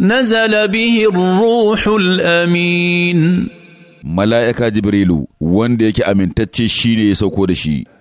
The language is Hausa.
نزل به الروح الأمين ملائكة جبريل وان ديك أمين تتشي شيني يسوكو دشي